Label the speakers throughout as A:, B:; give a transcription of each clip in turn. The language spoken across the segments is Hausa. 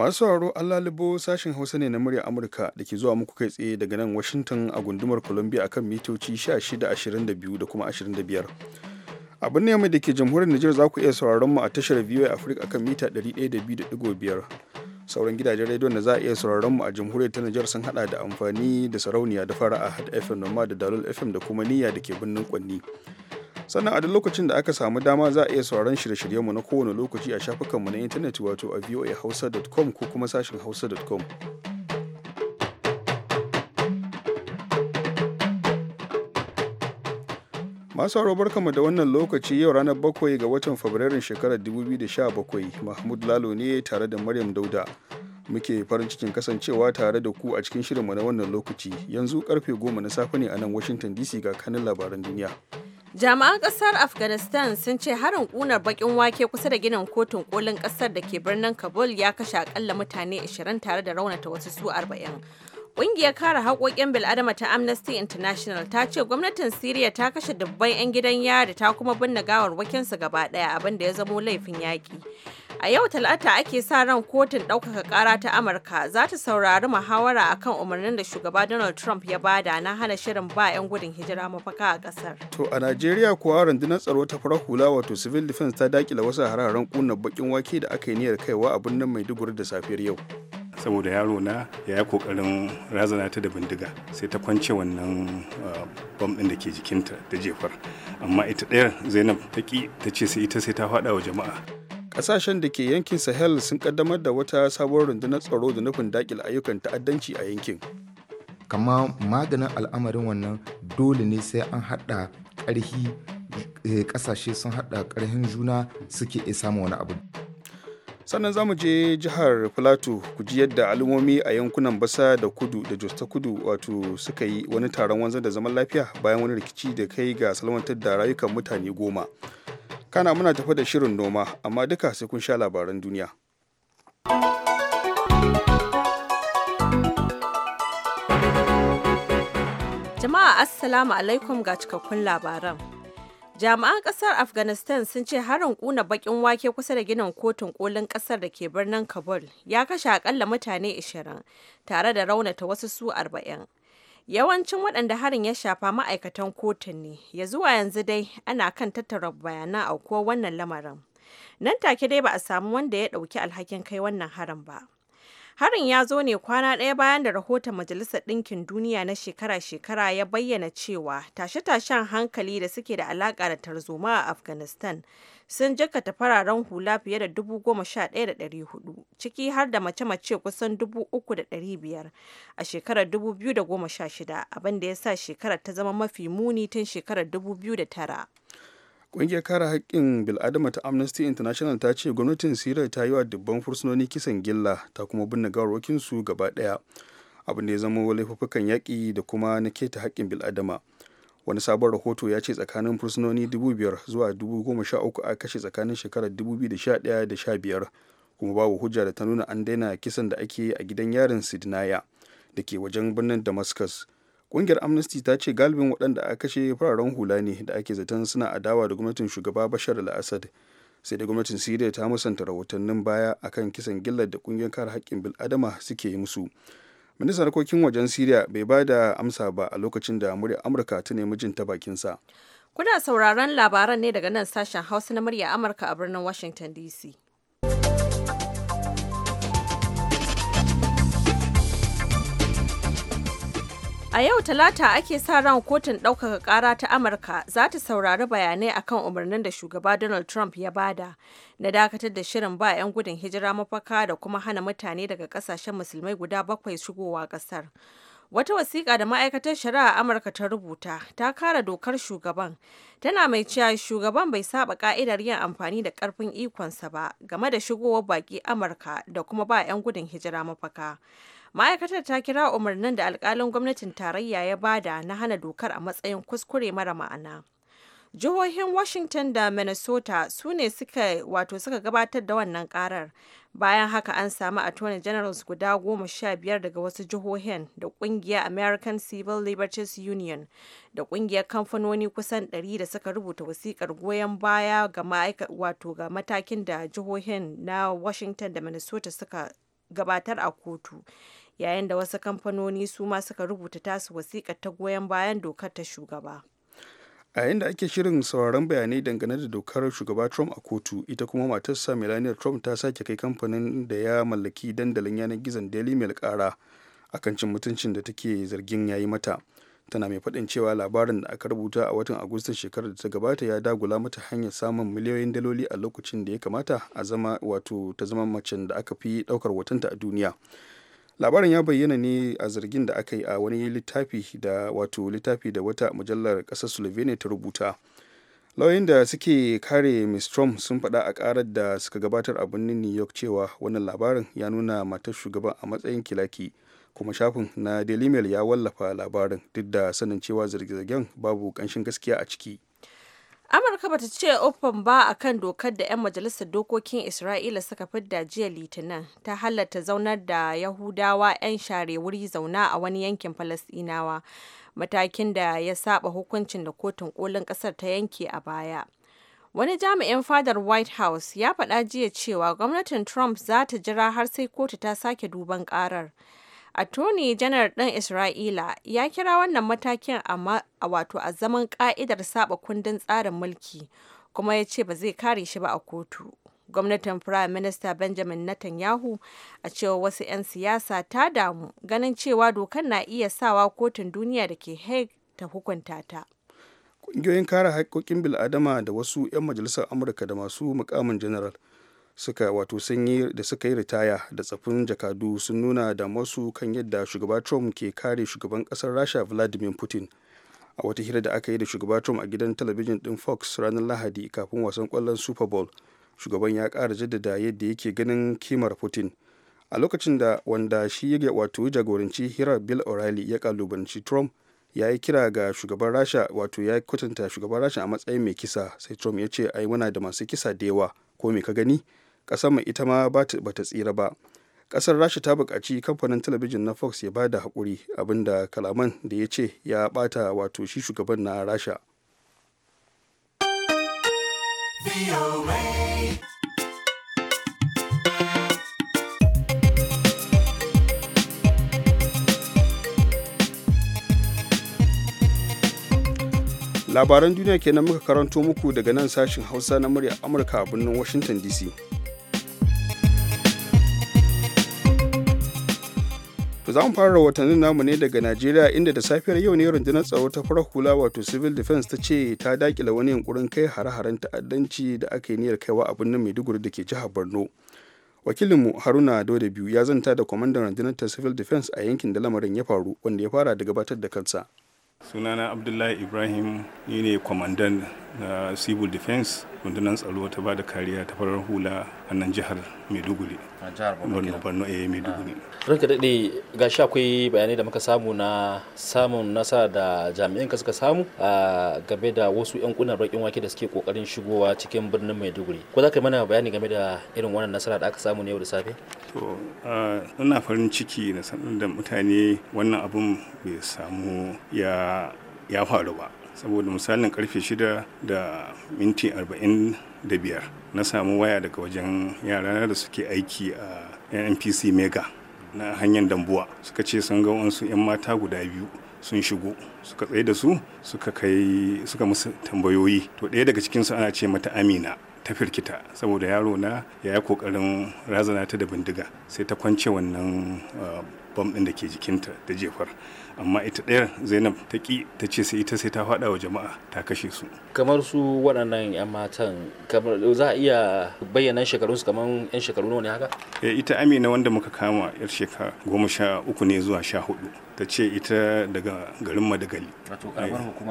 A: masu sauraro an lalubo sashen hausa ne na murya amurka da ke zuwa muku kai tsaye daga nan washington a gundumar columbia akan mitoci 1622 da kuma 25 abin ne mai da ke jamhuriyar nijar za ku iya sauraron mu a tashar voa afirka akan mita 102.5 sauran gidajen rediyon da za a iya sauraron mu a jamhuriyar ta nijar sun hada da amfani da sarauniya da fara'a da fm noma da dalol fm da kuma niyya da ke birnin kwanni sannan a duk lokacin da aka samu dama za a iya sauraron shirye-shiryenmu na kowane lokaci a shafukanmu na intanet wato a voahausa.com ko kuma sashin hausa.com masu sauraro barkamu da wannan lokaci yau ranar bakwai ga watan fabrairun shekarar 2017 mahmud lalo ne tare da maryam dauda muke farin cikin kasancewa tare da ku a cikin shirinmu na wannan lokaci yanzu karfe goma na safe ne a nan washington dc ga kanin labaran duniya
B: Jami'an kasar Afghanistan sun ce harin kunar bakin wake kusa da ginin kotun kolin kasar da ke birnin Kabul ya kashe akalla mutane 20 tare da raunata wasu su 40. Ƙungiyar kare haƙoƙin bil'adama ta Amnesty International ta ce gwamnatin Siriya ta kashe dubban 'yan gidan yari ta kuma binne gawarwakinsu gaba ɗaya abin da ya zamo laifin yaƙi. A yau Talata ake sa ran kotun ɗaukaka ƙara ta Amurka za ta saurari muhawara akan umarnin da shugaba Donald Trump ya bada na hana shirin ba 'yan gudun hijira mafaka a ƙasar.
A: To a Najeriya kuwa rundunar tsaro ta farar hula wato civil defense ta dakile wasu hararen ƙunar bakin wake da aka yi niyyar kaiwa a birnin Maiduguri da safiyar yau. saboda yaro na ya yi kokarin razana ta da bindiga
C: sai ta kwance wannan uh, bam din da ke jikinta
A: da jefar amma ita ɗaya zainab ta ki ta ce sai ita sai ta faɗa wa jama'a ƙasashen da ke yankin sahel sun kaddamar da wata sabuwar rundunar tsaro da nufin dakile ayyukan ta'addanci a
D: yankin kama maganin al'amarin wannan dole ne sai an haɗa ƙarhi eh, ƙasashe sun haɗa ƙarhin juna suke isa wani abu
A: sannan za je jihar plateau ku ji yadda al'ummomi a yankunan basa da kudu da jos ta kudu wato suka yi wani taron wanzar da zaman lafiya bayan wani rikici da kai ga salwantar da rayukan mutane goma kana muna tafa da shirin noma amma duka sai kun sha labaran duniya
B: jama'a assalamu alaikum ga cikakkun labaran Jami'an kasar Afghanistan sun ce harin kuna bakin wake kusa da ginin kotun kolin kasar da ke birnin Kabul ya kashe akalla mutane 20 tare da raunata wasu su 40. Yawancin waɗanda harin ya shafa ma'aikatan kotun ne, ya zuwa yanzu dai ana kan tattara bayanan aukuwar wannan lamarin. Nan take dai ba a samu wanda ya ɗauki alhakin kai wannan harin ba. Harin ya zo ne kwana ɗaya bayan da rahoton Majalisar Ɗinkin Duniya na shekara-shekara ya bayyana cewa tashe-tashen hankali da suke da alaƙa da tarzoma a Afghanistan sun jakata fararen hula fiye da 11,400 ciki har da mace-mace kusan 3,500 a shekarar 2016 abinda ya sa shekarar ta zama mafi muni tun shekarar 2009.
A: ƙungiyar kare haƙƙin bil'adama ta amnesty international ta ce gwamnatin sirar ta yi wa dubban fursunoni kisan gilla ta kuma binne gawarwakin su gaba ɗaya abin da ya zama laifuffukan yaƙi da kuma na keta haƙƙin bil'adama wani sabon rahoto ya ce tsakanin fursunoni 5,000 zuwa uku a kashe tsakanin shekarar 2011 da 15 kuma babu hujja da ta nuna an daina kisan da ake yi a gidan yarin sidnaya da ke wajen birnin damascus kungiyar Amnesty ta ce galibin waɗanda a kashe fararen hula ne da ake zaton suna adawa da gwamnatin shugaba Bashar al-Assad. Sai da gwamnatin Siriya ta musanta rahotannin baya akan kisan gillar da kungiyar kare haƙƙin bil'adama suke yi musu. Ministan harkokin wajen Siriya bai ba da amsa ba a lokacin da murya Amurka ta nemi jin ta sa.
B: Kuna sauraron labaran ne daga nan sashen Hausa na murya Amurka a birnin Washington DC. A yau Talata ake sa ran kotun ɗaukaka ƙara ta Amurka za ta saurari bayanai akan umarnin da shugaba Donald Trump ya bada na dakatar da shirin ba 'yan gudun hijira mafaka da kuma hana mutane daga ƙasashen musulmai guda bakwai shigowa ƙasar. Wata wasiƙa da ma'aikatar shari'a Amurka ta rubuta ta kara dokar shugaban tana mai cewa shugaban bai saba ka'idar yin amfani da ƙarfin ikonsa ba game da shigowar baƙi Amurka da kuma ba 'yan gudun hijira mafaka. ma'aikatar ta kira umarnin da alkalin gwamnatin tarayya ya bada na hana dokar a matsayin kuskure mara ma'ana jihohin washington da minnesota su ne suka wato suka gabatar da wannan karar bayan haka an samu attorney generals guda goma sha biyar daga wasu jihohin da kungiyar american civil liberties union da kungiyar kamfanoni kusan 100 da suka rubuta wasikar goyon baya ga wato ga matakin da jihohin na washington da minnesota suka gabatar a kotu yayin da wasu kamfanoni su ma suka rubuta tasu wasiƙar ta goyon bayan dokar ta shugaba
A: a yayin da ake shirin sauraron bayanai dangane da dokar shugaba trump a kotu ita kuma matarsa melania trump ta sake kai kamfanin da ya mallaki dandalin yanar gizon daily mail kara akan cin mutuncin da take zargin yayi mata tana mai faɗin cewa labarin da aka rubuta a watan agustan shekarar da ta gabata ya dagula mata hanyar samun miliyoyin daloli a lokacin da ya kamata a zama wato ta zama macen da aka fi ɗaukar watanta a duniya labarin ya bayyana ne a zargin da aka yi a wani littafi da wato littafi da wata mujallar kasar slovenia ta rubuta lauyin da suke kare ms trump sun faɗa a ƙarar da suka gabatar a birnin new york cewa wannan labarin ya nuna matar shugaban a matsayin kilaki kuma shafin na daily mail ya wallafa labarin duk da sanin cewa zarge-zargen babu ƙanshin gaskiya a ciki
B: Amurka bata ce open ba a kan dokar da 'yan majalisar dokokin Isra'ila suka fidda jiya Litinin ta halatta zaunar da Yahudawa 'yan share wuri zauna a wani yankin falasinawa matakin da ya saba hukuncin da kotun kolin kasar ta yanke a baya. Wani jami'in fadar White House ya faɗa jiya cewa gwamnatin Trump za ta jira har sai kotu ta sake duban ƙarar. Attorney General ɗin Isra'ila ya kira wannan matakin a wato a zaman ƙa'idar saba kundin tsarin mulki kuma ya ce ba zai kare shi ba a kotu. Gwamnatin Prime Minister Benjamin Netanyahu a cewa wasu 'yan siyasa ta damu ganin cewa dokar na iya sawa kotun duniya da ke Hague ta hukunta ta.
A: Ƙungiyoyin kare haƙƙoƙin bil'adama da wasu 'yan majalisar Amurka da masu mukamin General suka wato sun yi da suka yi ritaya da tsafin jakadu sun nuna da masu kan yadda shugaba trump ke kare shugaban kasar rasha vladimir putin a wata hira da aka yi da shugaba trump a gidan talabijin din fox ranar lahadi kafin wasan kwallon super bowl shugaban ya kara jaddada yadda yake ganin kimar putin a lokacin da wanda shi ya wato jagoranci hirar bill o'reilly ya kalubanci trump ya yi kira ga shugaban rasha wato ya kwatanta shugaban rasha a matsayin mai kisa sai trump ya ce ai muna da masu kisa da yawa ko me ka gani ƙasar mai ita ma ba ta tsira ba ƙasar rasha ta bukaci kamfanin talabijin na fox ya ba da haƙuri abinda kalaman da ya ce ya ɓata wato shi shugaban na rasha labaran duniya kenan muka karanto muku daga nan sashin hausa na murya amurka a birnin washington dc To za mu fara rahotannin namu ne daga Najeriya inda da safiyar yau ne rundunar tsaro ta farar kula wato civil defense ta ce ta dakila wani yunkurin kai hare-haren ta'addanci da aka yi niyyar kaiwa a birnin Maiduguri da ke jihar Borno. Wakilinmu Haruna Dode biyu ya zanta da kwamandan rundunar ta civil defense a yankin da lamarin ya faru wanda ya fara da gabatar da kansa.
C: Sunana Abdullahi Ibrahim ni ne kwamandan na civil defense rundunar tsaro ta bada kariya ta farar hula a nan jihar maiduguri borno borno a eh, maiduguri ah.
E: ranka daɗe ga sha akwai bayanai da muka samu na samun nasa da jami'an ka suka samu a ah, game da wasu yan kunan bakin wake da suke kokarin shigowa cikin birnin maiduguri ko za ka mana bayani game da irin wannan nasara da aka samu ne yau da safe
C: to ah, ina farin ciki na sanar da mutane wannan abun bai samu ya faru ba saboda misalin karfe shida da minti arba'in na samu waya daga wajen yara da suke aiki a npc mega na hanyar dambuwa suka ce sun ga wasu 'yan mata guda biyu sun shigo suka tsaye da su suka kai suka musu tambayoyi to ɗaya daga cikinsu ana ce mata amina ta firkita saboda yaro na ya yi kokarin razana ta da bindiga sai ta kwance wannan eh, bam ɗin da ke jikinta da jefar amma ita ɗaya zainab ta ƙi ta ce sai ita sai ta faɗa wa jama'a ta kashe su
E: kamar su waɗannan 'yan matan kamar za a iya bayyana shekarunsu kamar 'yan shekaru nawa ne haka
C: eh, ita amina wanda muka kama 'yar shekara goma sha uku ne zuwa sha hudu ta ce ita daga garin madagali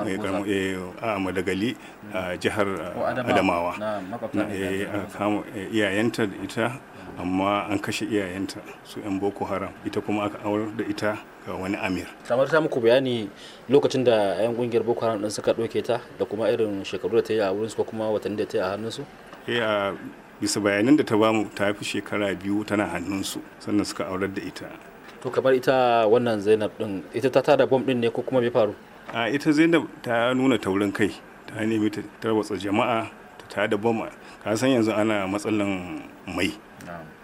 C: eh, eh, a madagali a jihar adamawa iyayenta ita amma an kashe iyayenta su 'yan boko haram ita kuma aka aurar da ita ga wani amir
E: kamar ta muku bayani lokacin da 'yan kungiyar boko haram din suka ɗauke ta da kuma irin shekaru da ta yi a su ko kuma watanni da ta yi a hannunsu
C: eh bisa bayanan da ta bamu ta fi shekara biyu tana hannunsu sannan suka aurar da ita
E: to kamar ita wannan
C: zainab din ita ta tada bom din ne ko kuma bai faru a ita zainab ta nuna taurin kai ta nemi ta tarwatsa jama'a ta tada bom ka san yanzu ana matsalan mai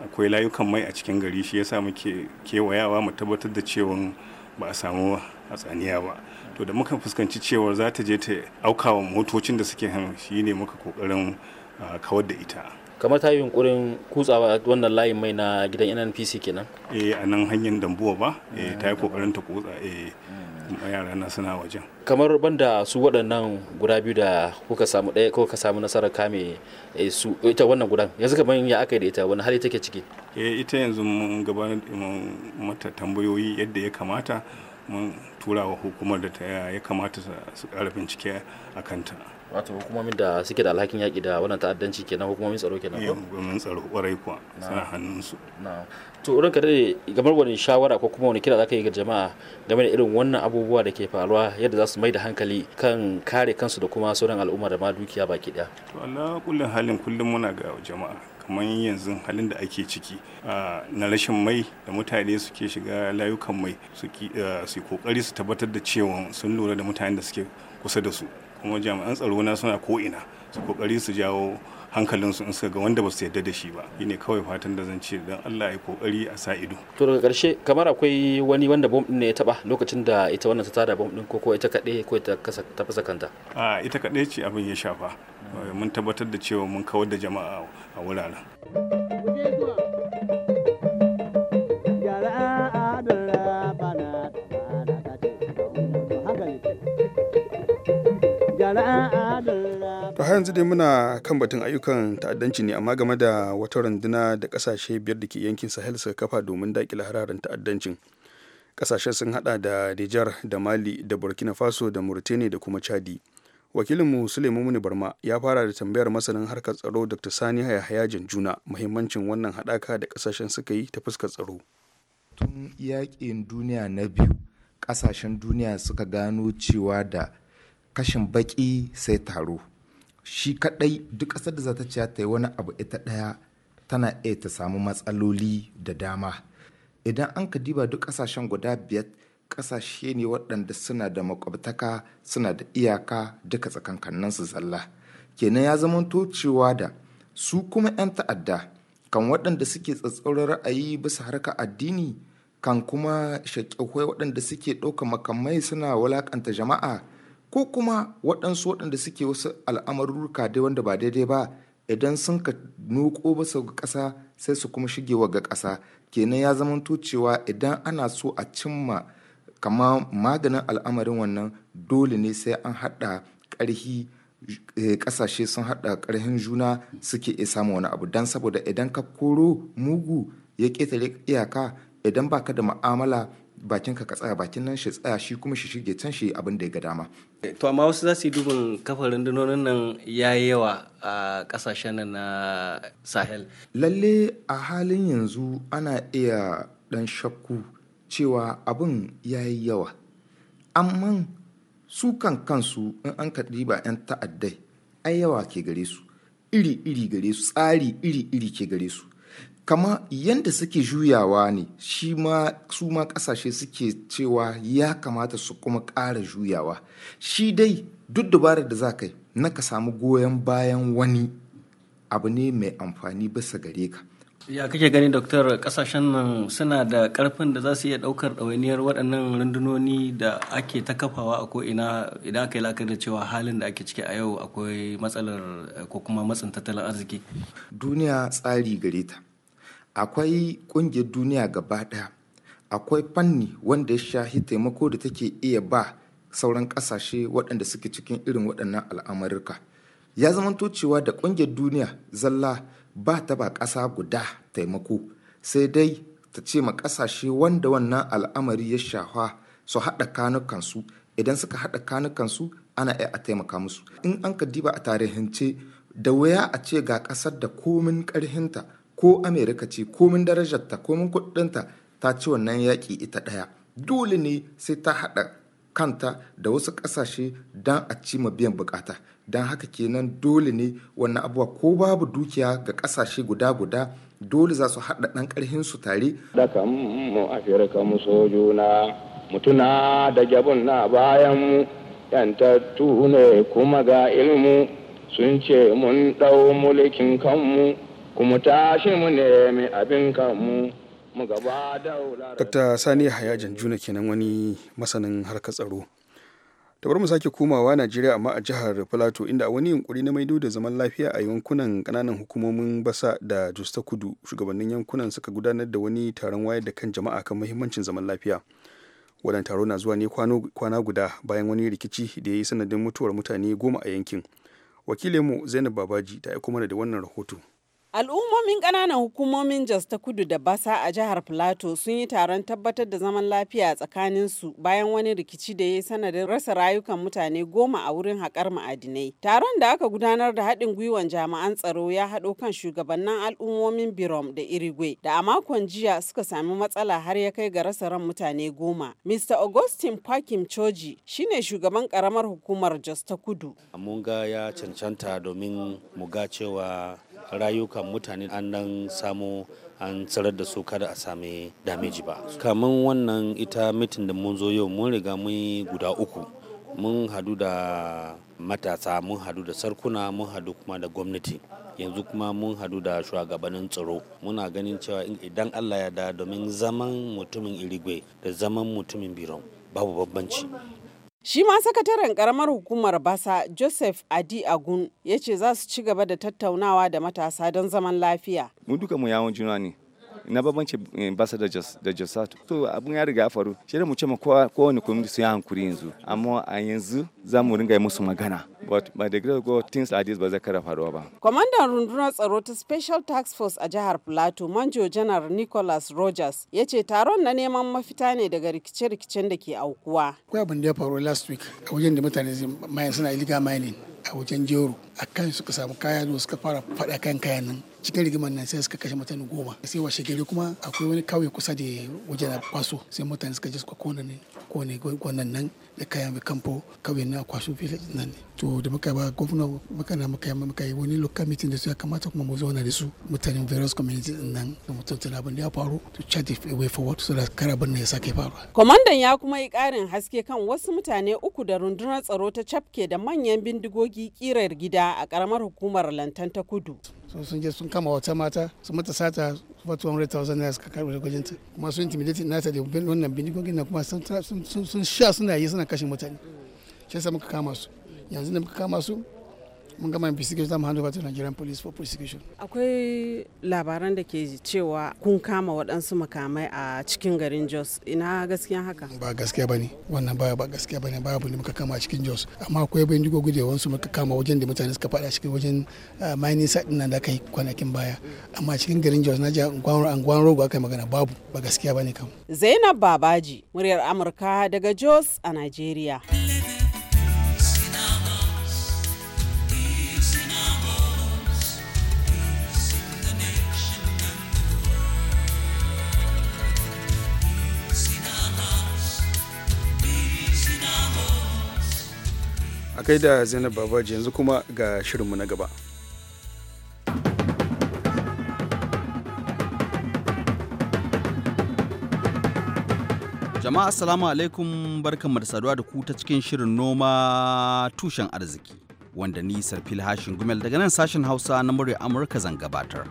C: akwai layukan mai a cikin gari shi yasa muke kewayawa mu tabbatar da cewa ba a samu hatsaniya ba to da muka fuskanci cewa za ta je ta aukawa motocin da suke shi ne muka kokarin ah, kawar da ita kamar ta yi yunkurin
E: kutsa wannan layin mai na gidan nnpc kenan
C: eh a nan hanyar dambuwa ba eh, ta yi kokarin ta kutsa eh kuma yara na suna wajen
E: kamar banda su waɗannan guda biyu da kuka samu ɗaya ko ka samu nasarar kame eh, su ita wannan gudan yanzu kamar ya aka yi da ita wani hali take ciki
C: eh ita yanzu mun gabatar mata tambayoyi yadda ya kamata mun tura wa hukumar da ya kamata su ƙara bincike a kanta
E: wato hukumomin da suke da alhakin yaƙi da wannan ta'addanci kenan hukumomin tsaro kenan ko eh, hukumomin tsaro kwarai kuwa
C: suna su.
E: to urin ka dai gamar wani shawara ko kuma wani kira zaka yi ga jama'a game da irin wannan abubuwa da ke faruwa yadda za su mai da hankali kan kare kansu da kuma sauran al'umma da ma dukiya baki daya
C: to Allah kullun halin kullum muna ga jama'a kamar yanzu halin da ake ciki na rashin mai da mutane suke shiga layukan mai eh, su kokari su tabbatar da cewa sun lura da mutanen da suke kusa da su kuma jami'an tsaro na suna ko'ina su kokari su jawo hankalinsu in suka ga wanda ba su yarda da shi ba ne kawai fatan da zan ce dan Allah ya kokari a sa ido
E: to daga karshe kamar akwai wani wanda bom din ne ya taba lokacin da ita wannan ta tada bom din ko ita kade ko ita ta fasa kanta a
C: ita kade ce abin ya shafa mun tabbatar da cewa mun kawar da jama'a a wuraren
A: yanzu dai muna kan batun ayyukan ta'addanci ne amma game da wata runduna da kasashe biyar da ke yankin sahel suka kafa domin dakile hararen ta'addancin kasashe sun hada da nijar da mali da burkina faso da mauritania da kuma chadi wakilinmu suleiman muni barma ya fara da tambayar masanin harkar tsaro dr sani yahaya juna muhimmancin wannan hadaka da kasashen suka yi ta fuskar tsaro
D: tun yakin duniya na biyu kasashen duniya suka gano cewa da kashin baki sai taro shi kadai duk ƙasar da za ta ciya ta yi wani abu ita ɗaya tana iya ta samu matsaloli da dama idan an ka diba duk ƙasashen guda biyar ƙasashe ne waɗanda suna da makwabtaka suna da iyaka duka nan su zalla kenan ya zama cewa da su kuma 'yan ta'adda kan waɗanda suke tsatsauran ra'ayi bisa harka addini kan kuma shaƙƙaƙwai waɗanda suke ɗauka makamai suna wulaƙanta jama'a ko kuma waɗansu waɗanda suke wasu al'amarurruka dai wanda ba daidai ba idan sun ka nuko basa ga ƙasa sai su kuma shigewa ga ƙasa kenan ya zama cewa idan ana so a cimma kama maganin al'amarin wannan dole ne sai an haɗa ƙarhi eh, ƙasashe sun haɗa ƙarhin juna suke iya samu wani abu don saboda idan ka koro mugu ya ƙetare iyaka idan baka da ma'amala bakin ka tsaya bakin nan shi tsaya shi kuma shi shige can shi abin da ya ga dama
E: eh, to amma wasu za su yi dubin kafar rundunonin nan ya yi yawa a kasashen nan na sahel
D: lalle a halin yanzu ana iya dan shakku cewa abin ya yi yawa amma su kan kansu in an ka ba 'yan ta'addai ai yawa ke gare su iri-iri gare su tsari iri-iri ke gare su kama yadda suke juyawa ne shi ma su ma kasashe suke cewa ya kamata su kuma ƙara juyawa shi dai duk dabarar da za ka na ka samu goyon bayan wani abu ne mai amfani bisa gare ka
E: ya kake gani doktor kasashen nan suna da karfin da za su iya daukar ɗawainiyar waɗannan rundunoni da ake ta kafawa a ko'ina idan aka yi la'akari da cewa halin da ake ciki a yau akwai matsalar eh, ko kuma matsin tattalin
D: arziki duniya tsari gare ta akwai ƙungiyar duniya gaba ɗaya akwai fanni wanda ya shahi taimako da take iya ba sauran ƙasashe waɗanda suke cikin irin waɗannan al'amurka ya zama cewa da ƙungiyar duniya zalla ba ta ba ƙasa guda taimako sai dai ta ce ma ƙasashe wanda wannan al'amari ya shafa su haɗa kanukansu idan suka haɗa kanukansu ana iya a taimaka musu in an ka diba a tarihince da waya a ce ga ƙasar da komin ƙarhinta ko amerika ce komin darajarta komin kudinta ta ci wannan yaƙi ita ɗaya dole ne sai ta haɗa kanta da wasu ƙasashe don a ci ma biyan bukata don haka kenan dole ne wannan abuwa ko babu dukiya ga ƙasashe guda-guda dole za su haɗa ɗan su tare. Dakan mu Afirka mu sojuna mutuna da jabun na bayan mu yantattu ne kuma ga ilmu sun ce mun ɗau mulkin kanmu kuma tashi mu ne mai abin kamu mu gaba da
A: dr sani hayajan juna kenan wani masanin harkar tsaro da mu sake komawa najeriya amma a jihar filato inda a wani yunkuri na maido da zaman lafiya a yankunan kananan hukumomin basa da jos kudu shugabannin yankunan suka gudanar da wani taron wayar da kan jama'a kan mahimmancin zaman lafiya wannan taro na zuwa ne kwana guda bayan wani rikici da ya yi sanadin mutuwar mutane goma a yankin wakilinmu zainab babaji ta aiko mana da wannan rahoto
F: Al'ummomin ƙananan hukumomin Jos ta kudu da Basa a jihar Filato sun yi taron tabbatar da zaman lafiya tsakanin su bayan wani rikici da ya yi sanadin rasa rayukan mutane goma a wurin haƙar ma'adinai. Taron da aka gudanar da haɗin gwiwan jami'an tsaro ya haɗo kan shugabannin al'ummomin Birom da Irigwe da a makon jiya suka sami matsala har ya kai ga rasa ran mutane goma. Mr. Augustin Pakim Choji shine shugaban ƙaramar hukumar Jos ta kudu.
E: Mun ya cancanta domin mu ga cewa rayukan mutane an nan samu an tsirar da su kada a sami dameji ba kamun wannan ita mitin da mun zo yau mun riga mun guda uku mun hadu da matasa mun hadu da sarkuna mun hadu kuma da gwamnati yanzu kuma mun hadu da shugabannin tsaro muna ganin cewa idan allah ya da domin zaman mutumin irigwe da zaman mutumin
G: biron babu bambanci
F: Shi ma sakataren karamar hukumar Basa Joseph Adi Agun ya ce za su ci gaba da tattaunawa da matasa don zaman lafiya.
G: Mu duka mu yawon
C: juna ne. na babance eh, basa da da josatu to abun ya riga faru shi mu ce ma kowane community su ya hankuri yanzu amma a yanzu za mu ringa musu magana but by the grace of God things like this ba zai kara faruwa ba.
F: Kwamandan rundunar tsaro ta Special Task Force a jihar Plateau Manjo Janar Nicholas Rogers ya ce taron na neman mafita ne daga rikice-rikicen da ke aukuwa.
H: Akwai abin da ya faru last week a wajen da mutane mayan suna illegal mining. a wajen jero a kan suka samu kaya zuwa suka fara faɗa kan kayan nan cikin rigimar nan sai suka kashe mutane goma sai washe gari kuma akwai wani kauye kusa da wajen kwaso sai mutane suka je suka kona ne kone gwanan nan da kayan mai kampo kawai na kwaso nan ne to da muka ba gwamna muka na muka yi muka yi wani local meeting da su ya kamata kuma mu zauna da su mutanen various communities din nan da mutum tana abin da ya faru to chat if way forward so that kar abin ya sake faruwa
F: kwamandan ya kuma yi karin haske kan wasu mutane uku da rundunar tsaro ta cafke da manyan bindigogi kirar gida a karamar hukumar lantan ta kudu
H: sun je sun kama wata mata su mata sata ba 200,000 naira suka karɓi gwajinta kuma sun intimidate ta da wannan bindigogi na kuma sun sha suna yi suna kashe mutane shi yasa muka kama su yanzu da muka kama su mun gama investigation zamu hand over to Nigerian police for prosecution
F: akwai labaran da ke cewa kun kama waɗansu makamai a cikin garin Jos ina gaskiya haka ba
H: gaskiya bane wannan baya ba gaskiya bane baya abin da muka kama a cikin Jos amma akwai bayan jigo gudewan su muka kama wajen da mutane suka faɗa cikin wajen eh, mining site din nan da kai kwanakin baya amma cikin garin Jos na ji angwan rogo aka magana babu ba gaskiya bane kam
F: Zainab Babaji muryar Amurka daga Jos a Najeriya.
A: kai da zainab babaji yanzu kuma ga shirinmu na gaba
G: jama'a assalamu alaikum barkanmu da saduwa da ku ta cikin shirin noma tushen arziki wanda ni sarfil hashin gumel daga nan sashen hausa na murya amurka zan gabatar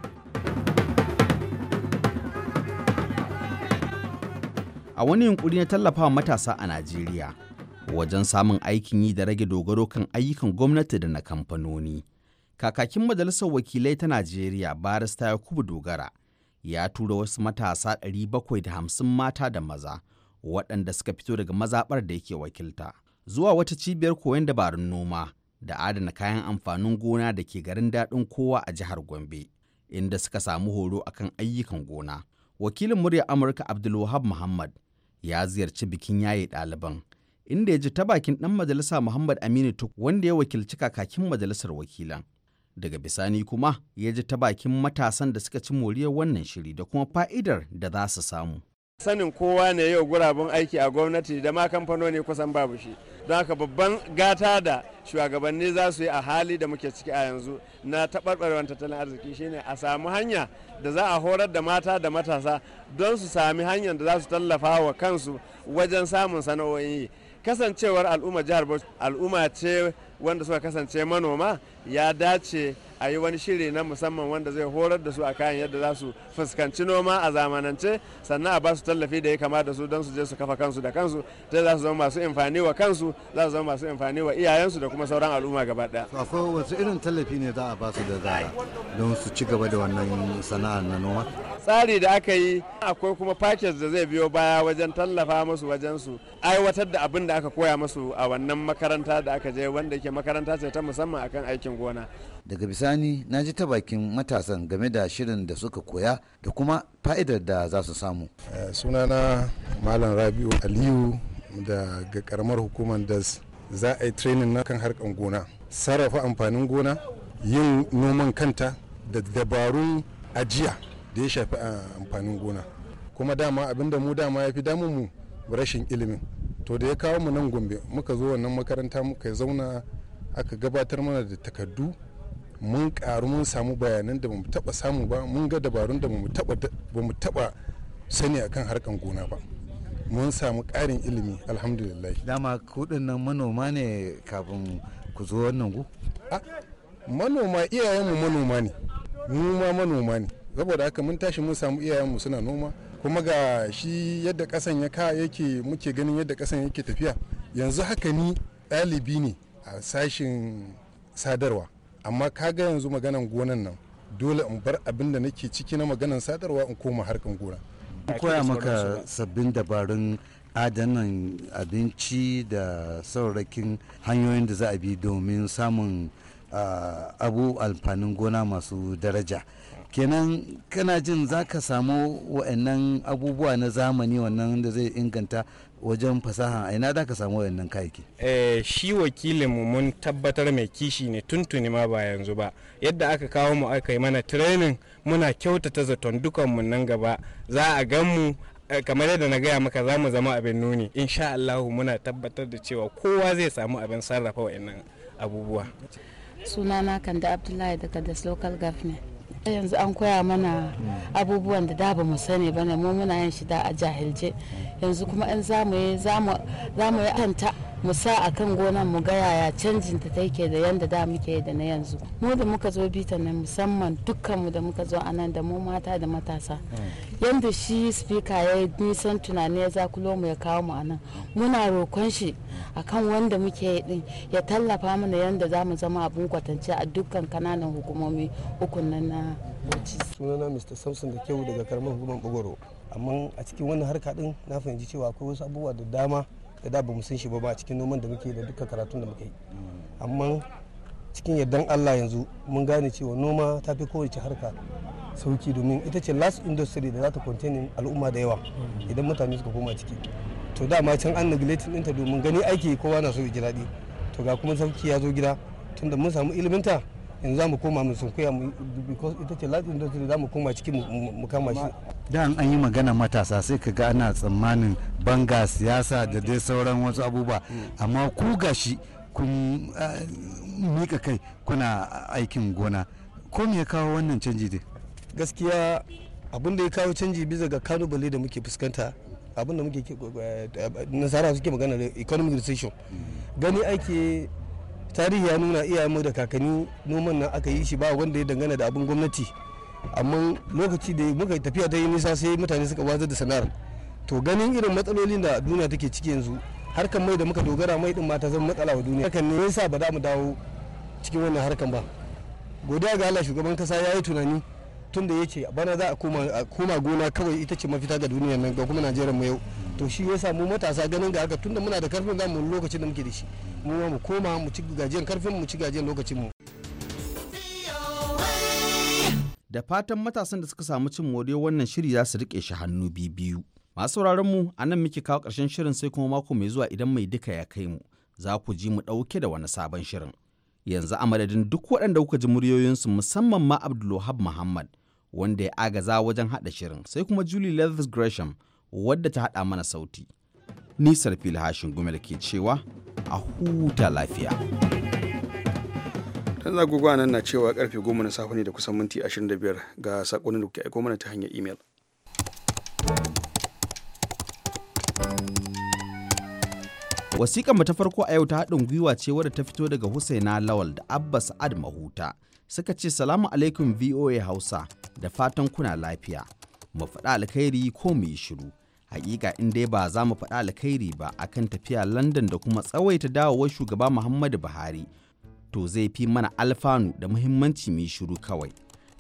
G: a wani yunkuri na tallafa matasa a najeriya wajen samun aikin yi da rage dogaro kan ayyukan gwamnati da na kamfanoni. Kakakin Majalisar Wakilai ta Najeriya barista kubu Dogara ya tura wasu matasa 750 mata da maza waɗanda suka fito daga mazaɓar da yake wakilta zuwa wata cibiyar koyon dabarun noma da adana kayan amfanin gona da ke garin daɗin kowa a jihar Gombe inda suka samu horo akan ayyukan gona. Wakilin murya Amurka Abdulwahab Muhammad ya ziyarci bikin yaye ɗaliban inda ya ji ta bakin ɗan majalisa Muhammad Aminu Tuk wanda ya wakilci kakakin majalisar wakilan. Daga bisani kuma ya ji ta bakin matasan da suka ci moriyar wannan shiri da kuma fa'idar da za su samu.
C: Sanin kowa ne yau gurabun aiki a gwamnati da ma kamfanoni kusan babu shi. Don haka babban gata da shugabanni za su yi a hali da muke ciki a yanzu na taɓarɓarewar tattalin arziki shine a samu hanya da za a horar da mata da matasa don su sami hanyar da za su tallafa wa kansu wajen samun sana'o'in yi. kasancewar al'umma jihar bauchi al'umma ce wanda suka kasance manoma ya dace a yi wani shiri na musamman wanda zai horar da su a kayan yadda za su fuskanci noma a zamanance sannan a ba su tallafi da ya kamata su don su je su kafa kansu da kansu ta za su zama masu amfani wa kansu za su zama masu amfani wa iyayensu da kuma sauran al'umma gaba daya. akwai
D: wasu irin tallafi ne za a ba su da zara don su ci gaba da wannan sana'ar na noma. tsari da aka yi akwai kuma package da zai biyo baya wajen tallafa musu wajen su
C: aiwatar da abin da aka koya musu a wannan makaranta da aka je wanda ke makaranta ce ta musamman akan
G: aikin gona daga bisani na ji ta bakin matasan game da shirin da suka koya
D: da kuma fa'idar da za su samu eh, sunana malam rabiu aliyu daga karamar hukumar da za a yi training na kan harkar gona sarrafa amfanin gona yin noman kanta da dabarun ajiya da ya shafi ah, amfanin gona kuma dama abinda mu dama ya fi damun mu rashin ilimin to da ya kawo mu nan gombe muka zo wannan makaranta muka zauna aka gabatar mana da takardu mun karu mun samu bayanan da bamu taba samu ba mun ga dabarun da bamu taba taba sani akan harkan gona ba mun samu karin ilimi alhamdulillah dama kudin nan manoma ne kafin ku zo wannan gu manoma iyayenmu manoma ne mu ma manoma ne saboda haka mun tashi mun samu iyayenmu suna noma kuma ga shi yadda kasan ya ka yake muke ganin yadda kasan yake tafiya yanzu haka ni ɗalibi ne a sashin sadarwa amma ka ga yanzu maganan gonan nan dole in bar abin da nake ciki na maganan sadarwa in koma harkan gona koya maka
I: sabbin dabarun adanan abinci da saurakin hanyoyin da za a bi domin samun
G: abu alfanin gona masu daraja kenan kana jin za ka samu wa'annan abubuwa na zamani wannan da zai inganta wajen fasaha a ina da ka samu wayannan kayayyaki eh shi wakilin mu mun tabbatar mai kishi ne
C: tuntuni ma ba yanzu ba yadda aka kawo mu aka yi mana training muna kyautata zaton dukan mu nan gaba za a gan mu eh, kamar yadda na gaya maka za mu zama abin nuni insha Allahu muna tabbatar da cewa kowa zai samu abin sarrafa wayannan abubuwa
F: sunana kanda abdullahi daga das local government yanzu an koya mana hmm. abubuwan da da ba mu sani ba ne mu muna yin shi da a jahilce yanzu kuma an zamu yi tanta mu sa a kan gonan mu ga yaya canjin ta take da yanda da muke da na yanzu mu da muka zo bita na musamman dukkan da muka zo anan da mu mata da matasa yanda shi speaker ya yi nisan tunani ya zakulo mu ya kawo mu anan muna rokon shi akan wanda muke din ya tallafa mana yanda za mu zama abun kwatance a dukkan kananan hukumomi ukun na na
I: sunana mr samson da kyau daga karamar hukumar bugoro amma a cikin wannan harka din na fahimci cewa akwai wasu abubuwa da dama da da bamu san shi ba a cikin noman da muke da dukkan karatun da muke yi amma cikin yardan Allah yanzu mun gane cewa noma ta fi kowace harka sauki domin ita ce last industry da za ta containing al'umma da yawa idan mutane suka koma ciki to dama can an neglecting ɗinta domin gani aiki kowa na so ya ji daɗi to ga kuma sauki ya zo gida tunda mun samu iliminta in za mu koma mu sunkuya because ita ce light industry za mu koma ciki mu kama shi
G: da an yi magana matasa sai ka ga ana tsammanin banga siyasa da dai
I: sauran wasu abubuwa amma ku gashi kun eh, mika kai kuna aikin gona ko me ya kawo wannan canji dai gaskiya abin da ya kawo canji bisa ga kalubale da muke fuskanta abin da muke eh, eh, nasara suke magana da economic recession gani ake tarihi ya nuna iyayenmu da kakanni noman nan aka yi shi ba wanda ya dangana da abin gwamnati amma lokaci da muka tafiya ta yi nisa sai mutane suka wazar da sana'ar to ganin irin matsalolin da duniya take ciki yanzu harkar mai da muka dogara mai din ma ta zama matsala wa duniya hakan ne yasa ba za mu dawo cikin wannan harkan ba godiya ga Allah shugaban kasa ya yi tunani tun da yake bana za a koma gona kawai ita ce mafita ga duniya nan ga kuma Najeriya mu yau to shi ya samu matasa ganin da haka tunda muna da karfin za mu lokacin da muke da shi mu mu koma mu ci gajiyan karfin mu ci gajiyan lokacin mu da fatan matasan da suka samu cin moriyar
G: wannan shiri za su rike shi hannu biyu masu sauraron mu a nan muke kawo karshen shirin sai kuma mako mai zuwa idan mai duka ya kai mu za ku ji mu ɗauke da wani sabon shirin yanzu a madadin duk waɗanda kuka ji muryoyinsu musamman ma abdulwahab muhammad wanda ya agaza wajen haɗa shirin sai kuma julie leathers gresham wadda ta haɗa mana sauti. Nisar fili hashin gumel ke cewa a huta lafiya.
A: Dan agogo nan na cewa karfe goma na safe ne da kusan minti 25 ga sakonin da kuke aiko mana ta hanyar imel.
G: Wasiƙar ta farko a yau ta haɗin gwiwa ce wadda ta fito daga Husaina Lawal da Abba Sa'ad Mahuta. Suka ce salamu alaikum VOA Hausa da fatan kuna lafiya. Mu faɗa alkhairi ko mu yi shiru. hakika in dai ba za mu faɗa alkhairi ba akan tafiya london da kuma tsawaita dawowar shugaba muhammadu buhari to zai fi mana alfanu da muhimmanci mu yi shiru kawai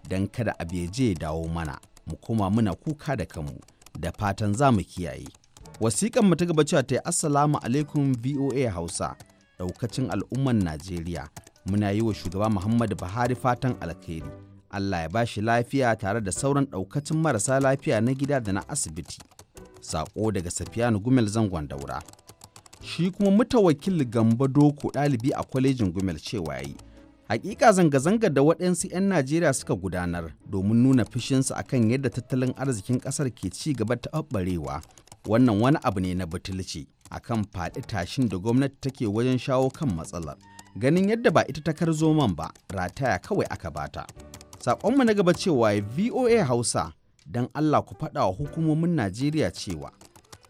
G: don kada a beje dawo mana mu koma muna kuka da kanmu da fatan za mu kiyaye wasiƙan mu ta gaba cewa ta yi assalamu alaikum voa hausa ɗaukacin al'umman najeriya muna yi wa shugaba muhammadu buhari fatan alkhairi allah ya ba shi lafiya tare da sauran ɗaukacin marasa lafiya na gida da na asibiti Sako daga Safiyanu Gumel zangon daura. Shi kuma mutawakil Gamba Doko ɗalibi a kwalejin Gumel cewa yi. Hakika zanga-zanga da waɗansu 'yan Najeriya suka gudanar domin nuna fushinsu akan yadda tattalin arzikin ƙasar ke ci gaba ta ɓarewa. Wannan wani abu ne na butulci akan faɗi tashin da gwamnati take wajen shawo kan matsalar. Ganin yadda ba ita ta karzo man ba, rataya kawai aka bata. Saƙonmu na gaba cewa VOA Hausa don Allah ku faɗa wa hukumomin Najeriya cewa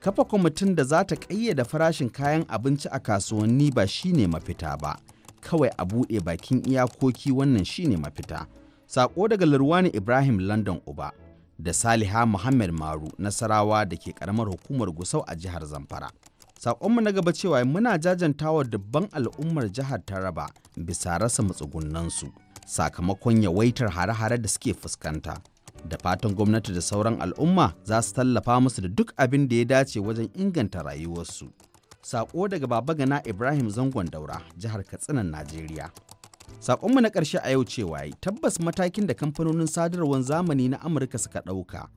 G: kafa kwamitin da za ta ƙayyada farashin kayan abinci a kasuwanni ba shine mafita ba kawai a buɗe bakin iyakoki wannan shine mafita Sako daga Lurwani Ibrahim London Uba da Saliha Muhammad Maru Nasarawa da ke karamar hukumar Gusau a jihar Zamfara. Saƙonmu na gaba cewa muna jajantawa dubban al'ummar jihar Taraba bisa rasa matsugunansu sakamakon yawaitar hare-hare da suke fuskanta. da fatan gwamnati da sauran al'umma za su tallafa musu da duk abin da ya dace wajen inganta rayuwarsu. Sako daga Baba Gana Ibrahim Zangon Daura, jihar Katsina, Najeriya. Sakonmu na ƙarshe a yau cewa tabbas matakin da kamfanonin sadarwar zamani na Amurka suka ɗauka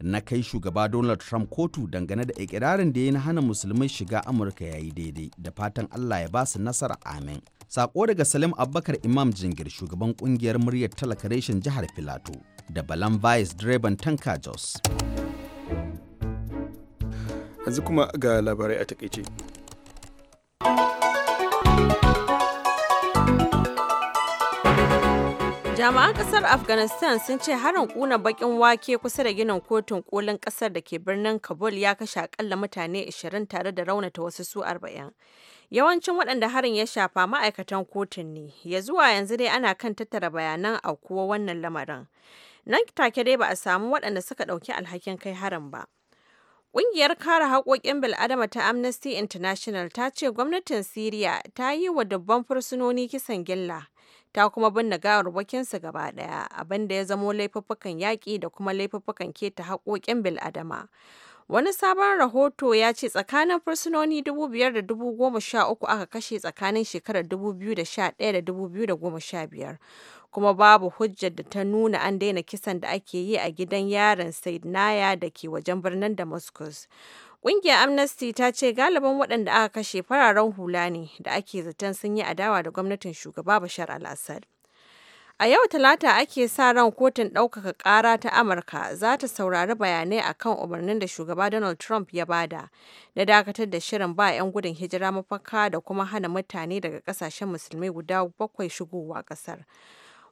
G: na kai shugaba Donald Trump kotu dangane da ikirarin da ya na hana musulmai shiga Amurka ya yi daidai da fatan Allah ya ba su nasara amin. Sako daga Salim Abubakar Imam Jingir shugaban ƙungiyar muryar talaka jihar Filato. da Balan Vice direban tanka
A: Jos. Yanzu kuma ga labarai a takaice.
B: jami'an kasar afghanistan sun ce harin kuna bakin wake kusa da ginin kotun kolin kasar da ke birnin kabul ya kashe akalla mutane 20 tare da raunata wasu su 40 yawancin waɗanda harin ya shafa ma'aikatan kotun ne ya zuwa yanzu dai ana kan tattara bayanan a aukuwa wannan lamarin Nan take dai ba a samu waɗanda suka ɗauki alhakin kai harin ba. Ƙungiyar kare haƙoƙin bil'adama ta Amnesty International ta ce gwamnatin Siriya ta yi wa dubban fursunoni kisan gilla, ta kuma binne gawarwakinsu gaba ɗaya, abinda ya zamo laifuffukan yaƙi da kuma laifuffukan keta haƙoƙin bil'adama. Wani sabon rahoto ya ce tsakanin fursunoni 5,013 aka kashe tsakanin shekarar 2011 da 2015, kuma babu hujjar da ta nuna an daina kisan da ake yi a gidan yarin Said Naya da ke wajen birnin Damascus. Ƙungiyar Amnesty ta ce galibin waɗanda aka kashe fararen hula ne da ake zaton sun yi adawa da gwamnatin shugaba Bashar al-Assad. A yau Talata ake sa ran kotun ɗaukaka ƙara ta Amurka za ta saurari bayanai akan umarnin da shugaba Donald Trump ya bada na dakatar da shirin ba 'yan gudun hijira mafaka da kuma hana mutane daga ƙasashen musulmi guda bakwai shigowa ƙasar.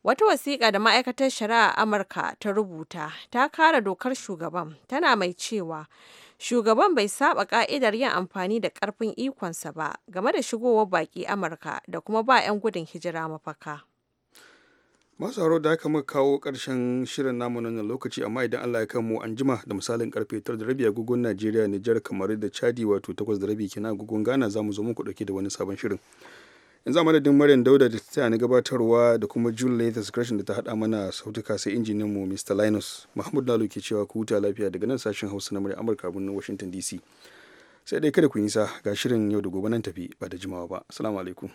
B: Wata wasiƙa da ma'aikatar shari'a Amurka ta rubuta ta kara dokar shugaban, tana mai cewa shugaban bai saba ka'idar yin amfani da ƙarfin ikonsa ba game da shigowar baƙi Amurka da kuma ba 'yan gudun hijira mafaka.
A: masu da aka muka kawo ƙarshen shirin namu na lokaci amma idan Allah ya kanmu an jima da misalin karfe 9 da rabi agogon Najeriya Nijar kamar da Chadi wato 8 da rabi kenan agogon Ghana za mu zo muku dauke da wani sabon shirin. yanzu a madadin maryam dauda da ta na gabatarwa da kuma june lathis gresham da ta haɗa mana sautuka sai injinin mu mr linus mahmud lalu ke cewa ku huta lafiya daga nan sashen hausa na murya amurka birnin washington dc sai dai kada ku yi nisa ga shirin yau da gobe nan tafi ba da jimawa ba assalamu alaikum